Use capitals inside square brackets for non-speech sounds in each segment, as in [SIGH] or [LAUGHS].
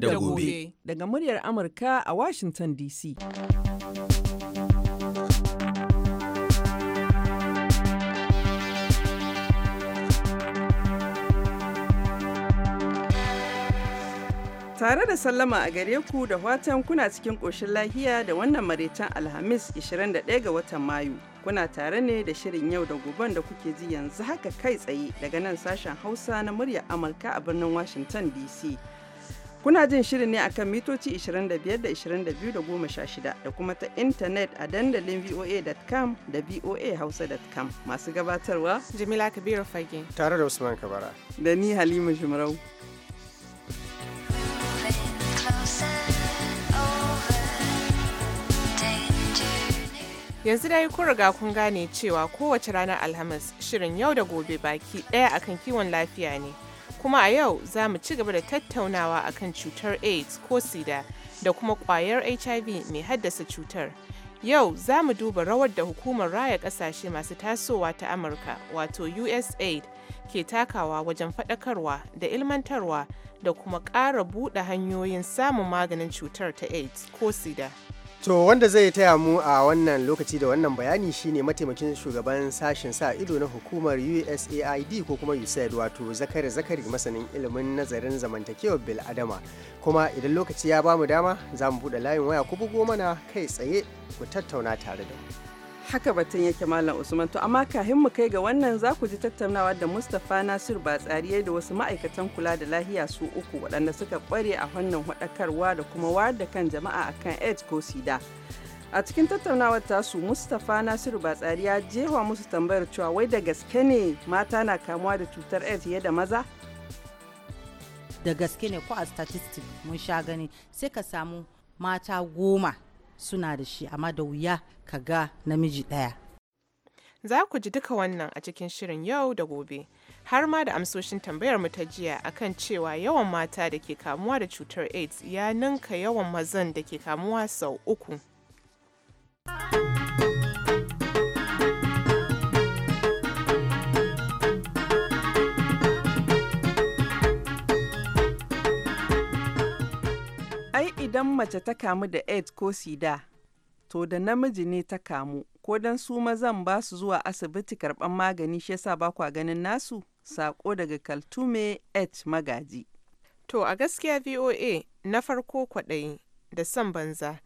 da gobe daga muryar Amurka a Washington DC. Tare da sallama a gare ku da watan kuna cikin ƙoshin lahiya da wannan maraicen Alhamis 21 ga watan Mayu. Kuna tare ne da shirin yau da goben da kuke ji yanzu haka kai tsaye daga nan sashen Hausa na muryar Amurka a birnin Washington DC. Kuna jin shirin ne akan mitoci 25 da 22 da 16 da kuma ta intanet a dandalin voa.com da voahausa.com masu gabatarwa Jamila Kabiru Fage. Tare da Usman Kabara. Da ni Halima Jumrau. yanzu dai kun riga kun gane cewa kowace ranar alhamis shirin yau da gobe baki ɗaya akan kiwon lafiya ne kuma a yau za mu ci gaba da tattaunawa akan cutar AIDS ko SIDA da kuma kwayar HIV mai haddasa cutar. Yau za mu duba rawar da hukumar raya ƙasashe masu tasowa ta Amurka wato USAID ke takawa wajen faɗakarwa da ilmantarwa da kuma ƙara buɗe hanyoyin samun maganin cutar ta AIDS ko SIDA. To wanda zai taya mu a wannan lokaci da wannan bayani shine mataimakin shugaban sashen sa ido na hukumar USAID ko kuma USAID wato zakari zakari masanin ilimin nazarin zamantakewar bil'adama. Kuma idan lokaci ya bamu dama zamu mu buɗe layin waya ku bugo mana kai tsaye ku tattauna tare da mu. haka batun yake Malam Usman to amma kahin mu kai ga wannan za ku ji tattaunawa da Mustapha Nasir Batsariye da wasu ma'aikatan kula da lahiya su uku waɗanda suka kware a fannin haɗakarwa da kuma wayar da kan jama'a a kan AIDS ko SIDA. A cikin tattaunawar tasu Mustapha Nasiru ba ya jewa musu tambayar cewa wai da gaske ne mata na kamuwa da cutar AIDS fiye da maza? Da gaske ne ko a statistic mun sha gani sai ka samu mata goma suna da shi amma da wuya ka ga namiji ɗaya. Za ku ji duka wannan a cikin shirin yau da gobe, har ma da amsoshin tambayar mu ta jiya akan cewa yawan mata da ke kamuwa da cutar AIDS ya ninka yawan mazan da ke kamuwa sau uku. idan mace ta kamu da AIDS ko sida, to da namiji ne ta kamu, ko dan su mazan ba su zuwa asibiti karɓan magani shi yasa ba kwa ganin nasu? Sako daga Kaltume H magaji. To a gaskiya VOA na farko kwaɗayi da san banza,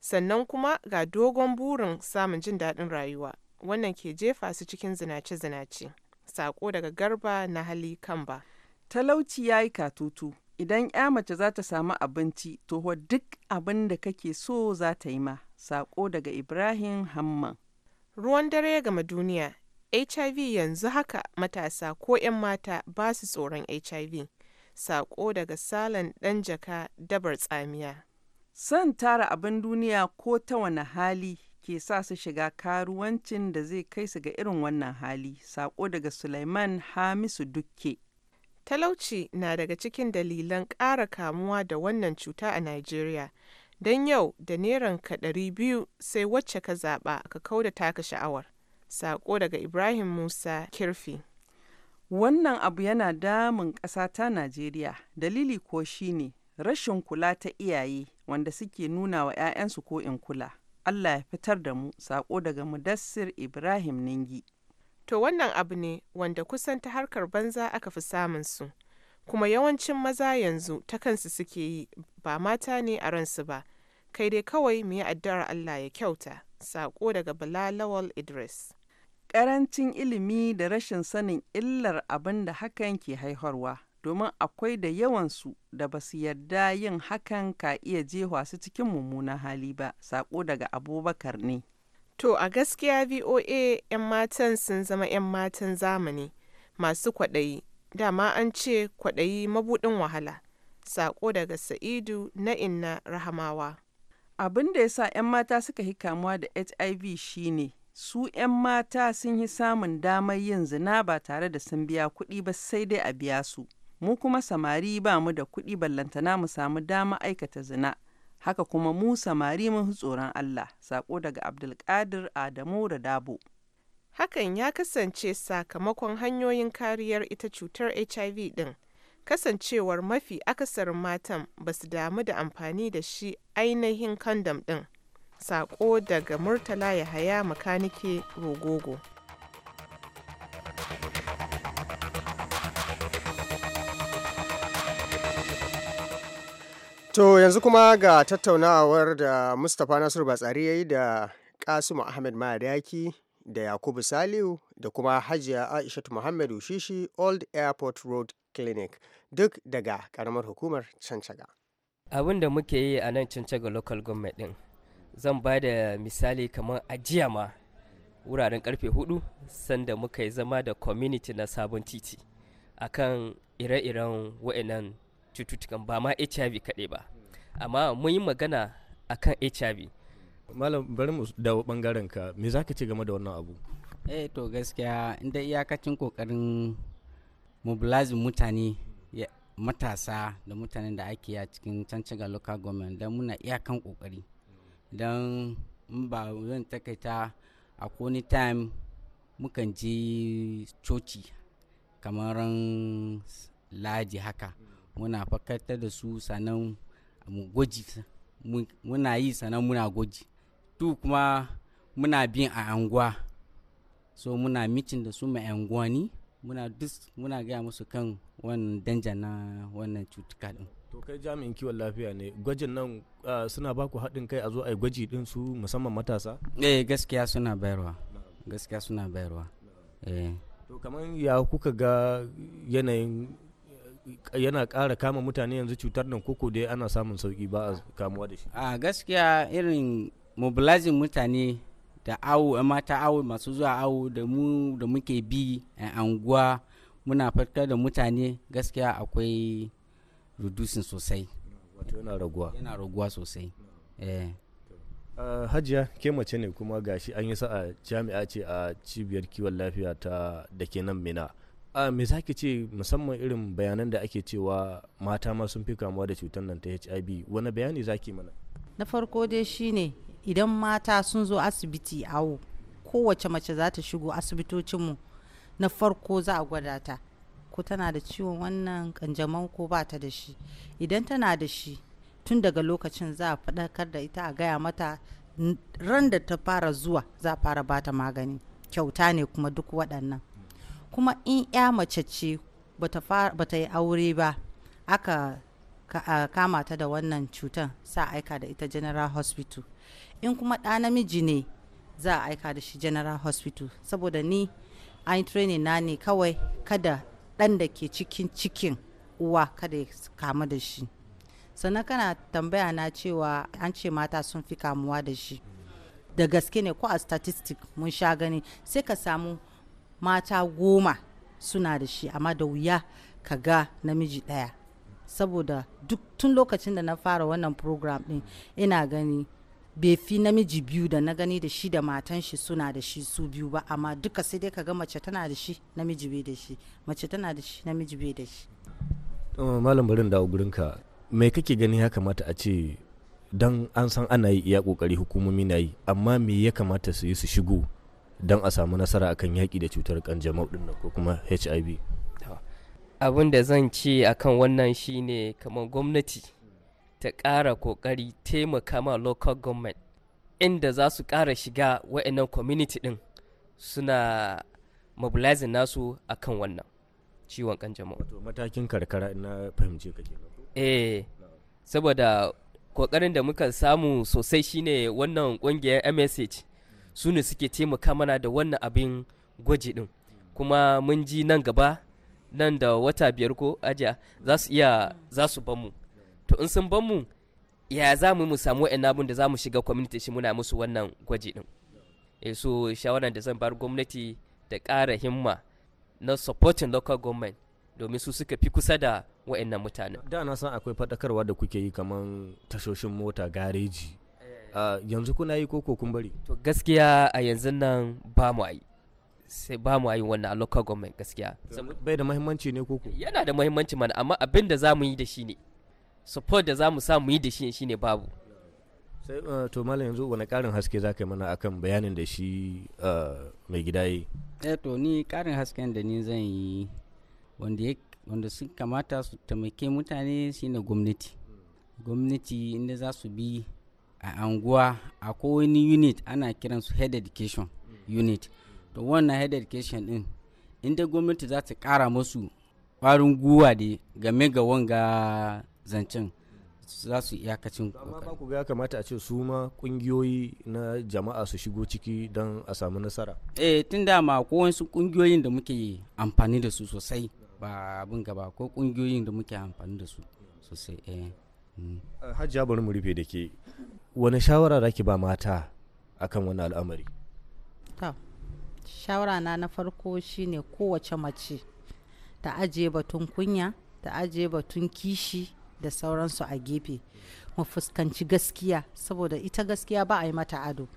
sannan kuma ga dogon burin samun jin daɗin rayuwa, wannan ke jefa su cikin zinace-zinace. Sako daga Garba na hali Kamba. Talauci ya yi katutu. Idan ‘ya mace za ta samu abinci, toho duk abin da kake so za ta yi ma. Sako daga Ibrahim Hamman. Ruwan dare ya gama duniya. HIV yanzu haka matasa ko ‘yan mata ba su tsoron HIV. Sako daga Salan ɗan jaka dabar tsamiya. Son tara abin duniya ko ta wani hali ke sa su shiga karuwancin da zai kai su ga irin wannan hali. Sako daga Suleiman Hamisu Dukke. Talauci na daga cikin dalilan ƙara kamuwa da wannan cuta a Najeriya, don yau da ka ɗari biyu sai wacce ka zaɓa ka kau da taka sha'awar. Saƙo daga Ibrahim Musa Kirfi. Wannan abu yana damun ƙasa ta Najeriya, dalili ko shi ne rashin kula ta iyaye wanda suke nuna wa 'ya'yansu ko in kula. Allah ya fitar da mu, sako daga Mudassir Ibrahim Ningi. To wannan abu ne wanda kusan ta harkar banza aka fi samun su, kuma yawancin maza yanzu ta kansu suke yi ba mata ne a ransu ba, kai dai kawai mu yi addu'ar Allah ya kyauta, saƙo daga Bala Lawal Idris. Ƙarancin ilimi da rashin sanin illar abin da hakan ke haifarwa domin akwai da yawansu da ba su yarda yin hakan ka iya jefa su cikin mummunan hali ba, saƙo daga Abubakar ne. To a gaskiya VOA 'yan matan sun zama 'yan matan zamani masu kwaɗayi, dama an ce kwaɗayi mabuɗin wahala. saƙo daga Sa'idu na Inna Rahamawa. Abin da ya sa 'yan mata suka yi kamuwa da HIV shine su 'yan mata sun yi samun damar yin zina ba tare da sun biya kuɗi ba sai dai a biya su. Mu kuma samari ba mu da kuɗi ballantana mu samu dama aikata zina. haka kuma mu samari mun tsoron Allah sako daga Abdulkadir Adamu da Dabo. Hakan ya kasance sakamakon hanyoyin kariyar ita cutar HIV ɗin. Kasancewar mafi akasarin matan ba su damu da amfani da shi ainihin kandam ɗin. Sako daga Murtala Yahaya makanike Rogogo. To yanzu kuma ga tattaunawar da Mustapha Nasiru Batsari ya yi da Kasimu Ahmed Madaki da Yakubu Saliu da kuma Hajiya Aishatu Muhammadu Shishi Old Airport Road Clinic duk daga karamar hukumar Cancaga. Abin da muke yi a nan Cancaga local government din zan ba da misali kamar ajiya ma wuraren karfe hudu sanda muka yi zama da community na sabon titi akan ire-iren wa'annan cututtukan ba ma hiv kaɗai ba amma mun yi magana akan hiv malam bari mu dawo bangaren ka me za ka ce game da wannan abu eh to gaskiya inda iyakacin kokarin mubilazi mutane matasa da mutanen da ake a cikin cancaga local government don muna iyakan kokari don in ba zan takaita a kone time mukan je coci kamar ladi haka mm. muna fakatar da su sannan mu gwaji muna yi sannan muna gwaji tu kuma muna bin a anguwa so muna mitin da su ma anguwani muna duk muna gaya musu kan wannan danja na wannan cutuka din to kai jami'in kiwon lafiya ne gwajin nan suna baku haɗin kai a zo a yi gwaji din su musamman matasa eh gaskiya suna bayarwa gaskiya suna bayarwa eh to kamar ya kuka ga yanayin yana ƙara kama mutane yanzu cutar nan koko dai ana samun sauki ba a kamuwa da shi a gaskiya irin mobilizing mutane da awo mata awo masu zuwa awo da mu da muke bi a anguwa muna farkar da mutane gaskiya akwai reducing sosai wato yana raguwa yana raguwa sosai eh. hajiya ke mace ne kuma gashi an yi sa'a jami'a ce a cibiyar kiwon lafiya ta da ke nan mina a me za ki ce musamman irin bayanan da ake cewa mata ma sun fi kamuwa da cutar nan ta hiv wani bayani za ki mana na farko dai shine idan mata sun zo asibiti awo kowace mace za ta shigo asibitocinmu na farko za a gwada ta ko tana da ciwon wannan kanjamau ko ba ta da shi idan tana da shi tun daga lokacin za a faɗakar da ita a gaya mata ran da ta fara zuwa za a fara bata magani kyauta ne kuma duk waɗannan kuma in ya mace ce bata yi aure ba aka kama ta da wannan cutan sa aika da ita general hospital in kuma ɗa namiji ne za a aika da shi general hospital saboda ni an training na ne kawai kada ɗan da ke cikin cikin uwa kada ya kamu da shi sannan kana tambaya na cewa an ce mata sun fi kamuwa da shi da gaske ne ko a statistic mun sha gani sai ka samu mata goma suna da shi amma da wuya ka ga namiji ɗaya saboda duk tun lokacin da na fara wannan program ɗin ina gani bai fi namiji biyu da na gani da shi da matan shi suna da shi su biyu ba amma duka sai dai ka ga mace tana da shi namiji bai da shi mace tana da shi namiji bai da shi malam barin dawo ka me kake gani ya kamata a ce don an san ana yi iya kokari hukumomi na yi amma me ya kamata su yi su shigo don a samu nasara akan yaƙi da cutar kanjamau ɗin ko kuma hiv abin da zan ce akan wannan shine kamar gwamnati ta ƙara ƙoƙari taimaka ma local government inda za su ƙara shiga wa'annan community ɗin suna mobilizing nasu akan wannan ciwon kanjamau wato matakin karkara na fahimce ka kenan eh saboda ƙoƙarin da muka samu sosai shine wannan ƙungiyar msh su ne suke taimaka mana da wannan abin gwaji din kuma mun ji nan gaba nan da wata biyar ko ajiya za su iya za su ban mu to in sun ban mu ya za mu samu wa'in abin da za mu shiga community shi muna musu wannan gwaji din e so shawaran da zan bar gwamnati da ƙara himma na supporting local government domin su suka fi kusa da wa'in mutanen da na san akwai faɗakarwa da kuke yi kamar tashoshin mota gareji yanzu kuna yi koko kun bari to gaskiya a yanzu nan ba mu yi sai ba mu yi wannan a local government gaskiya bai da muhimmanci ne koko yana da muhimmanci mana amma abin da za mu yi da shi ne support da za mu sa mu yi da shi ne babu sai eh, to malam yanzu wani karin haske za ka yi mana akan bayanin da shi eh, mai gida yi eh to ni karin hasken da ni zan yi wanda ya wanda sun kamata su taimake mutane shine gwamnati gwamnati inda za su bi a anguwa a wani unit ana kiran su head education unit to wannan head education din inda gwamnati za ta kara musu kwarin guwa da game ga wanga zancen za su iyakacin ba ku ga kamata a ce su ma kungiyoyi na jama'a su shigo ciki don a samu nasara eh tun da ma ko wasu kungiyoyin da muke amfani da su sosai ba abin gaba ko kungiyoyin da muke amfani da su sosai eh mm. hajji bari mu rufe da ke wani shawara da ba mata akan wani al'amari shawara na na farko shine kowace mace ta ajiye batun kunya ta ajiye batun kishi da sauransu a gefe mu fuskanci gaskiya saboda ita gaskiya ba a yi mata ado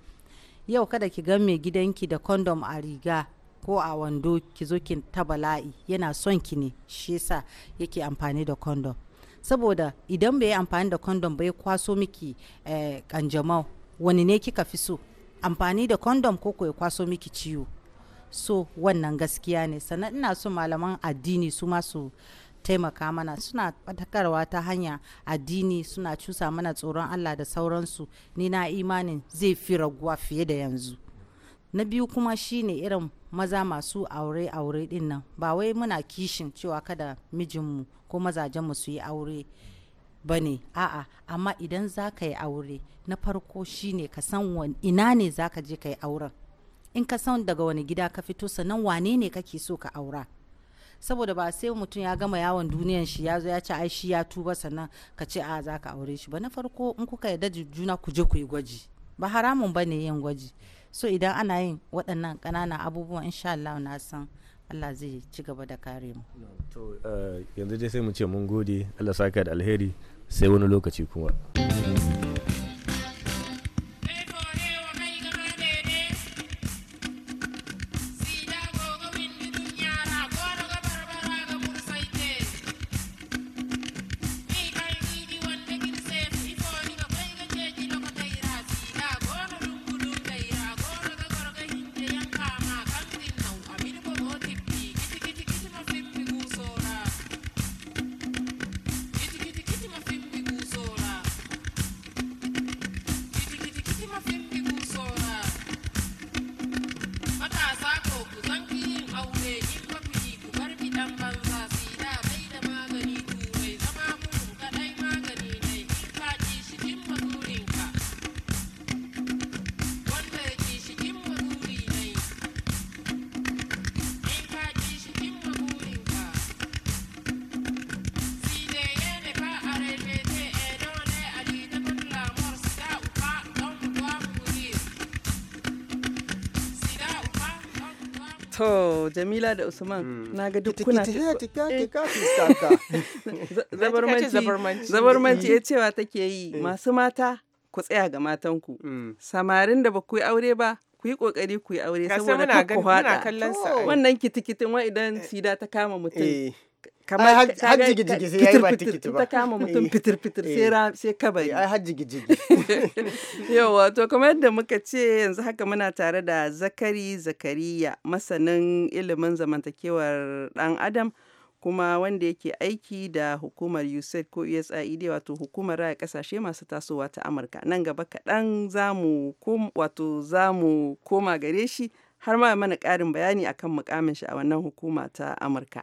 yau kada ki ga mai gidanki da kondom a riga ko a wando ki zo ki ta bala'i yana son ki ne shi yasa yake amfani da kondom saboda idan bai amfani da kondom bai kwaso miki eh, kanjamau wani ne kika fi so amfani da kondom ko ko ya kwaso miki ciwo so wannan gaskiya ne sannan ina so malaman addini su masu taimaka mana suna fatakarwa ta hanya addini suna cusa mana tsoron allah da sauransu ni na imanin zai fi raguwa fiye da yanzu na biyu kuma shine irin maza masu aure aure din nan ba wai muna kishin cewa kada mijinmu ko mazajenmu su yi aure ba ne a'a amma idan za ka yi aure na farko shine ka san ina ne za ka je ka yi auren in ka san daga wani gida ka fito sannan wane ne kake so ka aura saboda ba sai mutum ya gama yawon duniyan shi ya zo ya ci ai shi ya tuba sannan ka ce a za ka aure shi ba na farko in kuka yarda juna ku je ku yi gwaji ba haramun ba ne yin gwaji so idan ana yin waɗannan ƙananan abubuwan insha Allah na san Allah zai ci gaba da kare mu to eh, yanzu dai sai mu ce mun gode Allah saka da alheri sai wani lokaci kuma To, Jamila da Usman, hmm. na ga duk kuna Zabarmanci hmm. ya cewa take yi eh. masu mata ku tsaya ga matanku. Hmm. Samarin da ba ku yi aure ba, ku yi kokari ku yi aure saboda ku hada. Wannan kitikitin wa idan eh. sida ta kama mutum. Eh. kamar har jigi-jigi sai yayi ba tikiti ba ta kama mutum eh. fitir-fitir sai eh. sai kabari eh, ai har jigi [LAUGHS] yadda muka ce yanzu haka muna tare da zakari zakariya masanin ilimin zamantakewar dan adam kuma wanda yake aiki da hukumar USAID ko USAID wato hukumar raya kasashe masu tasowa ta Amurka nan gaba kaɗan wato zamu koma gare shi har ma mana ƙarin bayani akan mukamin shi a wannan hukuma ta Amurka.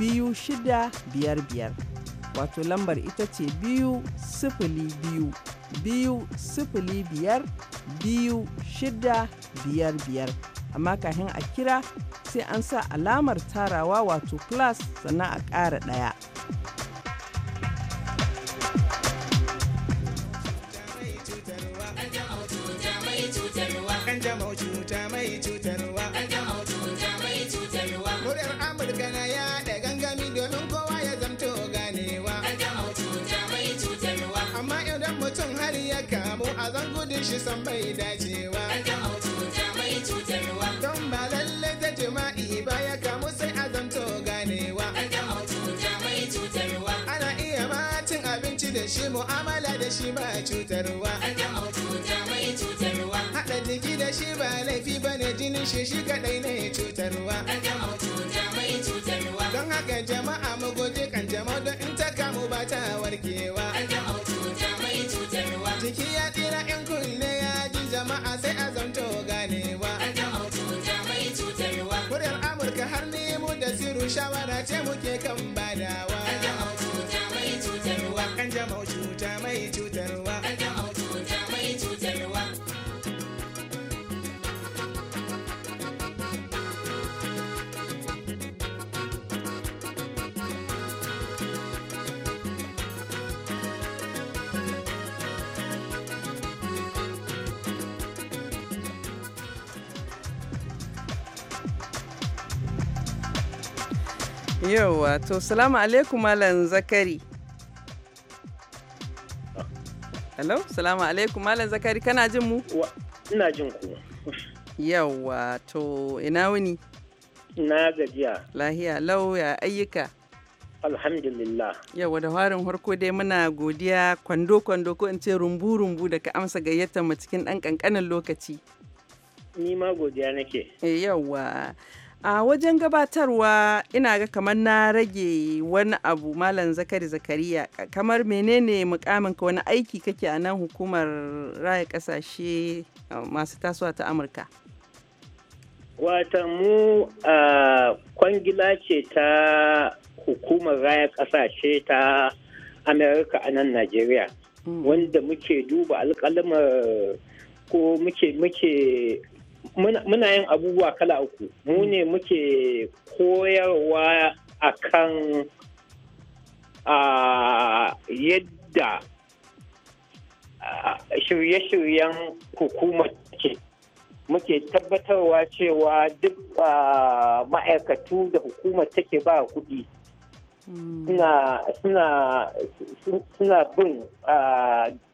biyu shida biyar biyar wato lambar ita ce biyu sifili biyu biyu sifili biyar biyu shida biyar biyar amma kafin a kira sai an sa alamar tarawa wato plus sannan a ƙara ɗaya. san bai dacewa don ba lalle ta jima'i ba ya kamu sai a zanto ganewa ana iya ma cin abinci da shi mu'amala da shi ba cutarwa haɗa jiki da shi ba laifi ba ne jinin shi shi kaɗai ne cutarwa don haka jama'a mu guji ce muke Yauwa, to salamu alaikum Malam Zakari. Hello, salamu alaikum Malam Zakari, kana jin mu? Ina jin ku. Yauwa, to ina wuni? Na gajiya. Lahiya, lauya, ayyuka. Alhamdulillah. Yauwa da farin harko dai muna godiya kwando-kwando ko in ce rumbu-rumbu daga amsa gayyatar mu cikin ɗan ƙanƙanin lokaci. Ni ma godiya nake. Eh, yauwa. a wajen gabatarwa ina ga kamar na rage wani abu malam zakari zakariya kamar menene mukamin ka wani aiki kake a nan hukumar raya kasashe masu tasowa ta amurka watanmu a kwangila ce ta hukumar raya kasashe ta amurka a nan nigeria mm. wanda muke duba alkalamar ko muke muna yin abubuwa kala uku mu ne hmm. muke koyarwa a kan yadda shirye-shiryen hukumar ke muke tabbatarwa cewa duk ma'aikatu da hukumar take ba kuɗi suna bin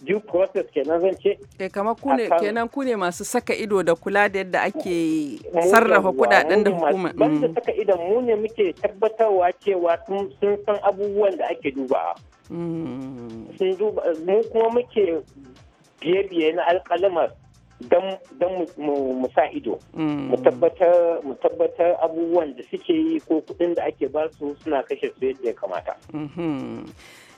due process kenan zan ce. E kamar kune kenan kune masu saka ido da kula da yadda ake eh, sarrafa kudaden da hukuma. Ban da saka ido mu ne muke tabbatarwa cewa sun san abubuwan da ake duba mm. Sun duba mu kuma muke biye-biye na alkalamar don mu sa ido hmm. mu tabbatar abubuwan da suke yi ko kuɗin da ake ba su suna kashe su yadda ya kamata mhm.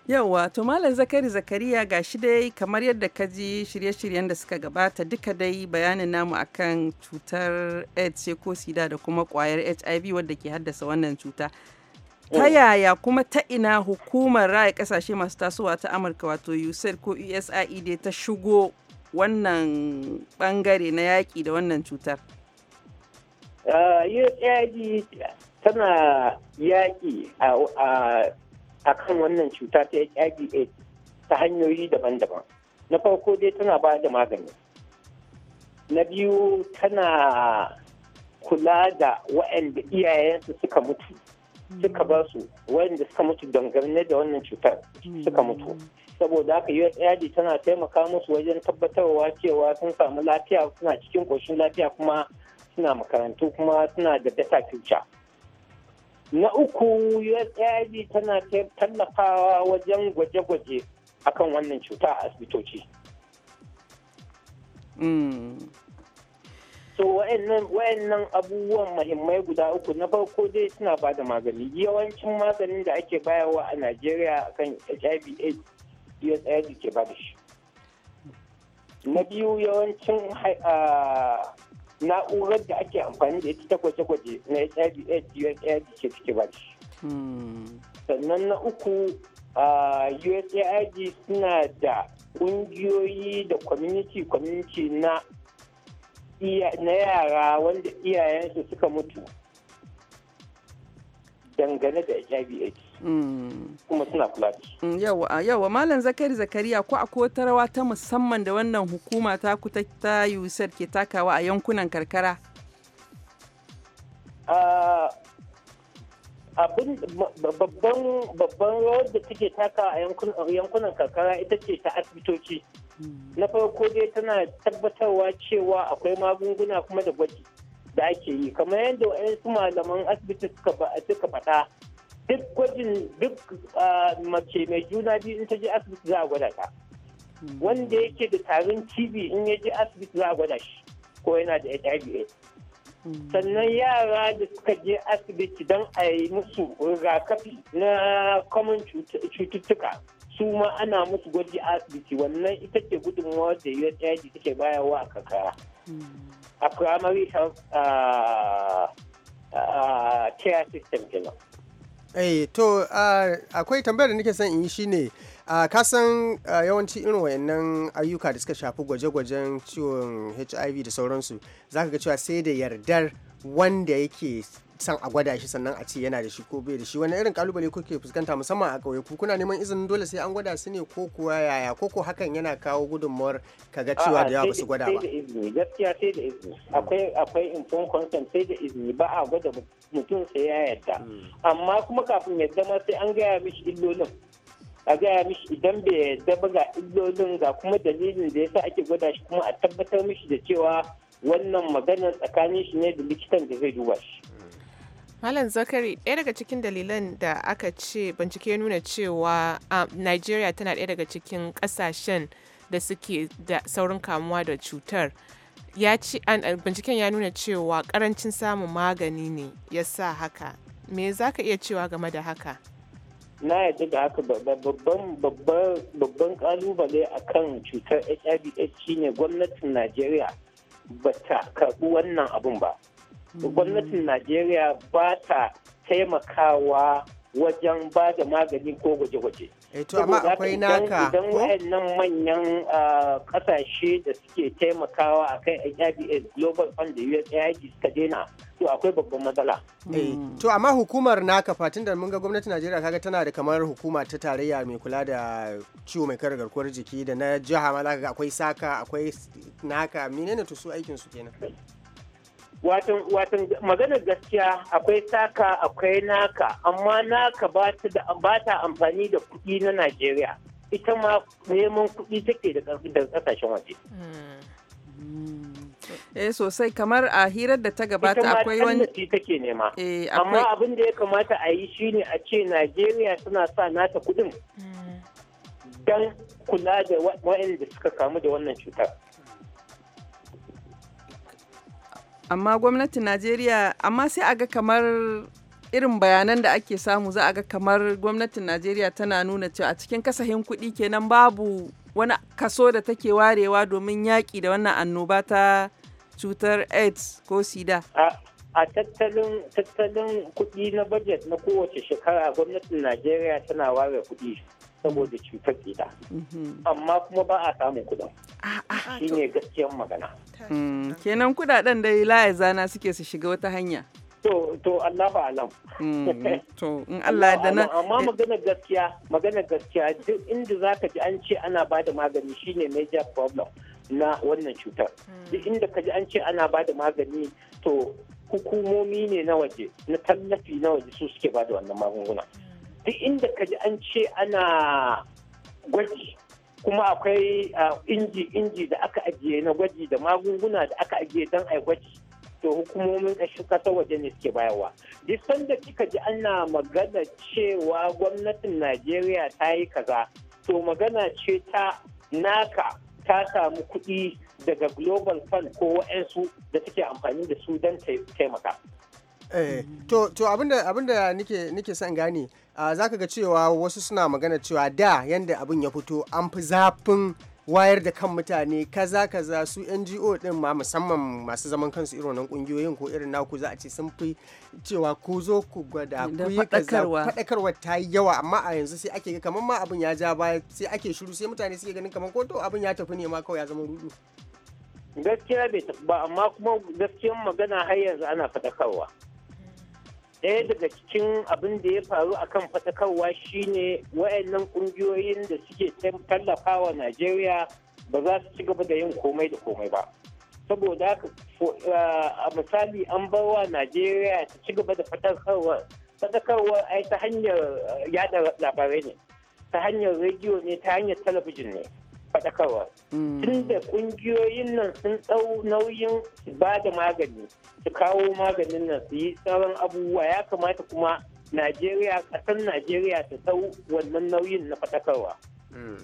yauwa to malam zakari zakariya ga shi dai kamar yadda ka ji shirye-shiryen da suka gabata duka dai bayanin namu akan cutar aids ce ko sida da kuma kwayar hiv wadda ke haddasa wannan cuta ta hmm. yaya kuma ta ina hukumar raya kasashe masu tasowa ta amurka wato usaid e ko usaid ta shigo wannan bangare na yaƙi da wannan cutar? yaƙi uh, tana yaƙi a kan wannan cuta ta yaƙi ta hanyoyi daban-daban. Na farko dai tana ba da magani. Na biyu tana kula da waɗanda iyayensu suka mutu. suka ba su suka mutu dangane da wannan cutar suka mutu hmm. saboda haka USAID tana taimaka musu wajen tabbatarwa cewa sun samu lafiya suna cikin ƙoshin lafiya kuma suna makarantu kuma suna da data future na uku USAID tana tallafawa wajen gwaje-gwaje akan wannan cuta a asibitoci. Hmm. so wa'annan abubuwan mahimmai guda uku na farko dai suna ba da magani yawancin maganin da ake bayarwa a najeriya kan hiv aids usaid ke ba da shi na biyu yawancin na'urar da ake amfani da ita ta kwace-kwace na hiv aids usaid ke ba da shi sannan na uku usaid suna da ƙungiyoyi da community community na na yara wanda iyayensu suka mutu dangane da hiv aids kuma suna kula da shi. Mm, yawa, yawa, Malam Zakari Zakariya ko akwai wata rawa ta musamman da wannan hukuma ta kuta ta USAID ke takawa a yankunan karkara? Abin babban rawar da take takawa a yankunan karkara ita ce ta asibitoci. na farko dai tana tabbatarwa cewa akwai magunguna kuma da gwaji da ake yi kamar yadda su malaman asibiti suka faɗa duk gwajin duk mace mai juna biyu in ta je asibiti za a gwada ta wanda yake da tarin TV in ya je asibiti za a gwada shi ko yana da hiv sannan yara da suka je asibiti don a yi musu rigakafi na common cututtuka su ma ana musu gwaji a asibiti wannan ita ce gudunmawa da USAID take bayarwa a kakara. Hmm. A primary health care system kenan. Eh, to akwai tambayar da nake son in yi shine a ka san yawanci irin wayannan ayyuka da suka shafi gwaje-gwajen ciwon hiv da sauransu zaka ga cewa sai da yardar wanda yake san a gwada shi sannan a ce yana da shi ko bai da shi wani irin kalubale kuke fuskanta musamman a ƙauye ku kuna neman izinin dole sai an gwada su ne ko kuwa yaya ko ko hakan yana kawo gudunmawar kaga cewa da yawa ba su gwada ba gaskiya sai da izini akwai akwai consent sai da izini ba a gwada mutum sai ya yarda hmm. amma kuma kafin ya zama sai an gaya mishi illolin a gaya mishi idan bai yarda ba ga illolin ga kuma dalilin da ya sa ake gwada shi kuma a tabbatar mishi da cewa wannan maganar tsakanin shi ne da likitan da zai duba shi Malam Zakari ɗaya daga cikin dalilan da aka ce bincike nuna cewa Nigeria tana ɗaya daga cikin ƙasashen da suke da saurin kamuwa da cutar. Ya binciken ya nuna cewa ƙarancin samun magani ne ya sa haka. Me za ka iya cewa game da haka? na yadda da haka babban ƙalubale a kan cutar hiv shi ne gwamnatin najeriya ba ta karɓi wannan abun ba gwamnatin najeriya ba ta taimakawa wajen ba da magani ko gwaje-gwaje. Eh, to amma akwai idan wayannan manyan kasashe ah, da suke taimakawa a kan HIBS Global Fund da USAID suka dena to akwai babban matsala. Eh, hmm. to amma hukumar naka fatin da mun ga gwamnatin Najeriya kaga tana da kamar hukuma ta tarayya mai kula da ciwo mai kare garkuwar jiki da na jiha ma zaka ga akwai saka akwai naka menene to su aikin su kenan. watan maganar gaskiya akwai saka akwai naka amma naka ba ta amfani da kuɗi na najeriya ita ma neman kuɗi take da ƙasashen waje mm. eh sosai kamar a hirar da ta gabata akwai wani take nema eh, amma abin da ya kamata a yi shine a ce najeriya suna sa nata kuɗin mm. don kula da waɗanda suka kamu da wannan cutar amma gwamnatin najeriya amma sai a ga kamar irin bayanan da ake samu za a ga kamar gwamnatin najeriya tana nuna cewa a cikin kasahin kuɗi kenan babu wani kaso da take warewa domin yaƙi da wannan annoba ta cutar aids ko sida a tattalin tattalin kuɗi na budget na kowace shekara gwamnatin najeriya tana ware kuɗi saboda cutar gida mhm. amma kuma ba a samun kuɗin shi ne gaskiyar magana hmm, kenan kuɗaɗen dai la'a zana suke su shiga wata hanya to to Allah ba alam hmm, to in [LAUGHS] Allah da na. amma magana gaskiya magana gaskiya duk inda zaka ji an ce ana bada magani shine major problem na wannan cutar hmm. duk inda ka ji an ce ana bada magani to hukumomi ne na waje na tallafi na waje su suke bada wannan magunguna duk inda ka ji an ce ana gwaji kuma akwai inji-inji ah, da aka ajiye na gwaji da magunguna da aka ajiye don ai gwaji to hukumomin ƙashin kasar waje ne suke bayarwa duk sanda kika ji ana magana cewa gwamnatin najeriya ta yi kaza to magana ce ta naka ta samu kuɗi daga global fund ko wa'ansu da suke amfani da su don taimaka Eh, to to abinda abinda nike nike son gane zaka ga cewa wasu suna magana cewa da yanda abin ya fito an fi zafin wayar da kan mutane kaza kaza su NGO din ma musamman masu zaman kansu irin wannan kungiyoyin ko irin naku za a ce sun fi cewa ku zo ku gwada ku yi kaza fadakarwa ta yi yawa amma a yanzu sai ake kamar ma abin ya ja baya sai ake shiru sai mutane suke ganin kamar ko to abin ya tafi ne ma kawai ya zama rudu gaskiya bai ba amma kuma gaskiyan magana har yanzu ana fadakarwa ɗaya daga cikin abin da ya faru a kan fatakarwa shine wayannan ƙungiyoyin da suke tallafawa najeriya ba za su ci gaba da yin komai da komai ba saboda haka ah, a misali an bar wa najeriya ta ci gaba da fatakarwa fatakarwa ai ta hanyar ah, yada labarai ne ta hanyar rediyo ne ta hanyar talabijin ne faɗakarwa. Hmm. Tun ƙungiyoyin nan sun ɗau nauyin su ba da magani, su kawo maganin nan su yi sauran abubuwa ya kamata kuma Najeriya, ƙasar Najeriya ta ɗau wannan nauyin na faɗakarwa. Mm.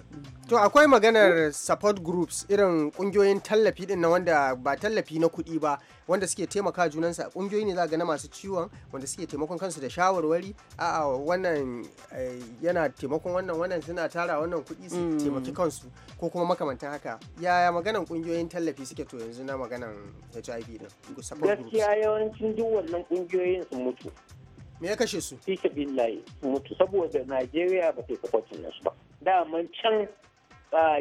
To akwai maganar support groups irin kungiyoyin tallafi din na wanda ba tallafi na kuɗi ba wanda suke taimaka junansa kungiyoyi ne za ga na masu ciwon wanda suke taimakon kansu da shawarwari a wannan eh, yana taimakon wannan wannan suna tara wannan kuɗi su mm. taimaki kansu ko kuma makamantan haka yaya maganar kungiyoyin tallafi suke to yanzu na maganar HIV din support groups gaskiya yawancin duk wannan kungiyoyin sun mutu me ya kashe su fi billahi mutu saboda Najeriya ba ta support nasu ba daman can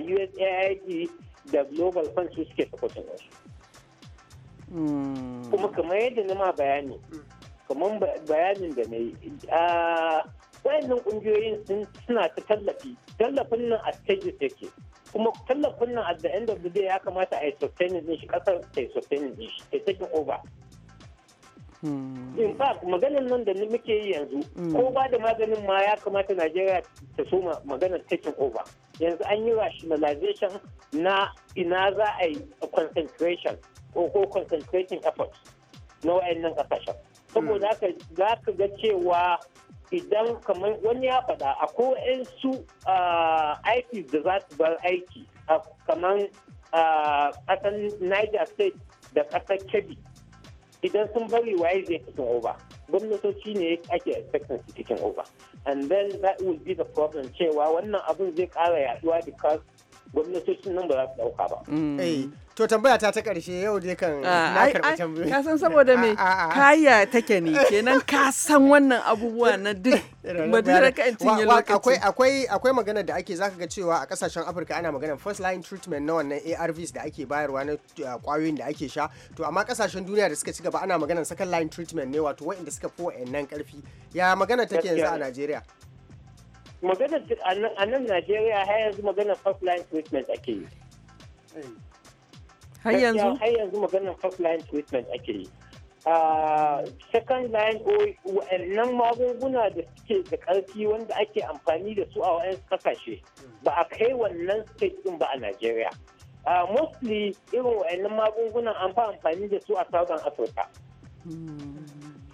USAID da Global Fund su suke wasu. Hmm. Kuma kamar yadda na ma bayani, kamar bayanin da na yi, wayannan ƙungiyoyin suna ta tallafi, tallafin nan a stages yake. kuma tallafin nan at the end ya kamata a yi sustaining din shi kasar ta yi sustaining din shi ta taking over Hmm. in fact maganan nan da muke yi yanzu hmm. ko ba da maganin ma ya kamata najeriya ta soma maganar taking over yanzu an yi rationalization na ina za a yi concentration ko concentrating efforts na wayannan kasashen saboda hmm. haka za ka ga cewa idan kamar wani ya faɗa a ko su IPs da za su bar aiki ah, kamar ah, ƙasar niger state da ƙasar kebbi idan sun bari waye zai cikin oba gwamnatoci ne ake expecting su cikin oba and then that will be the problem cewa wannan abun zai kara yaduwa because gwamnatocin nan ba za su dauka ba mm. eh, to tambaya ta ta karshe yau dai kan ah, na karɓi tambayoyi ka san saboda me ah, ah, kaya take ne kenan ka san wannan abubuwa na duk madura [LAUGHS] ka in cinye lokaci akwai akwai akwai magana da ake zaka ga cewa a kasashen Afirka ana magana first line treatment na wannan ARVs da ake bayarwa na kwayoyin da ake sha to amma kasashen duniya da suka ci gaba ana magana second line treatment ne wato waɗanda suka fi wa'annan karfi ya magana take yanzu a Najeriya magana a nan Najeriya har yanzu magana first line treatment ake yi. Har yanzu? Har yanzu magana first line treatment ake yi. Ah, second line wa'annan magunguna da suke da ƙarfi wanda ake amfani da su a wayan kasashe ba a kai wannan state din ba a Najeriya. Ah, mostly irin wa'annan magungunan an fi amfani da su a Southern Africa. Hmm.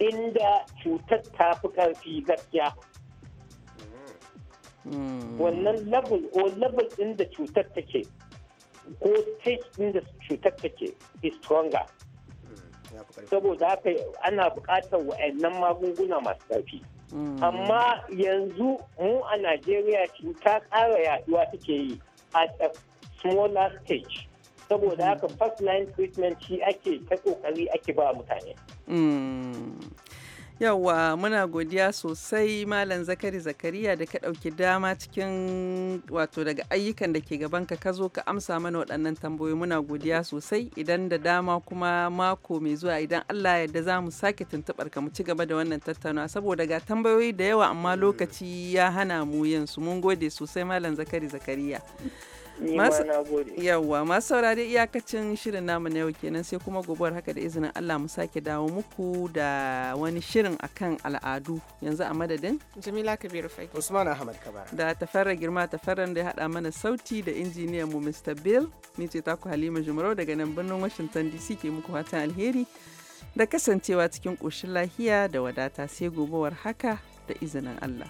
Inda cutar ta fi ƙarfi gaskiya. wannan level ko level din da cutar take ko stage din da cutar take is stronger mm, saboda haka ana buƙatar wa'annan magunguna masu ƙarfi mm. amma yanzu mu a najeriya cuta ƙara yaduwa take yi a smaller stage saboda mm. haka first line treatment shi ake ta ƙoƙari ake ba mutane Yawwa muna godiya sosai Malam Zakari Zakariya da ka ɗauki dama cikin wato daga ayyukan da ke gaban ka zo ka amsa mana waɗannan tambayoyi muna godiya sosai idan da dama kuma mako mai zuwa idan Allah yadda za mu sake tuntuɓar ka mu ci gaba da wannan tattaunawa saboda ga tambayoyi da yawa amma lokaci ya hana mu yin su mun gode sosai Malam Zakari Zakariya. Yawwa masu saurari iyakacin shirin namu na yau kenan sai kuma gobar haka da izinin Allah mu sake dawo muku da wani shirin akan al'adu yanzu a madadin. Jamila Kabiru Fai. Usman Ahmad Kabara. Da tafarra girma tafarran da ya haɗa mana sauti da injiniyan mu Mr. Bill. Ni ce taku Halima Jumarau daga nan birnin Washington DC ke muku fatan alheri. Da kasancewa cikin ƙoshin lahiya da wadata sai gobewar haka da izinin Allah.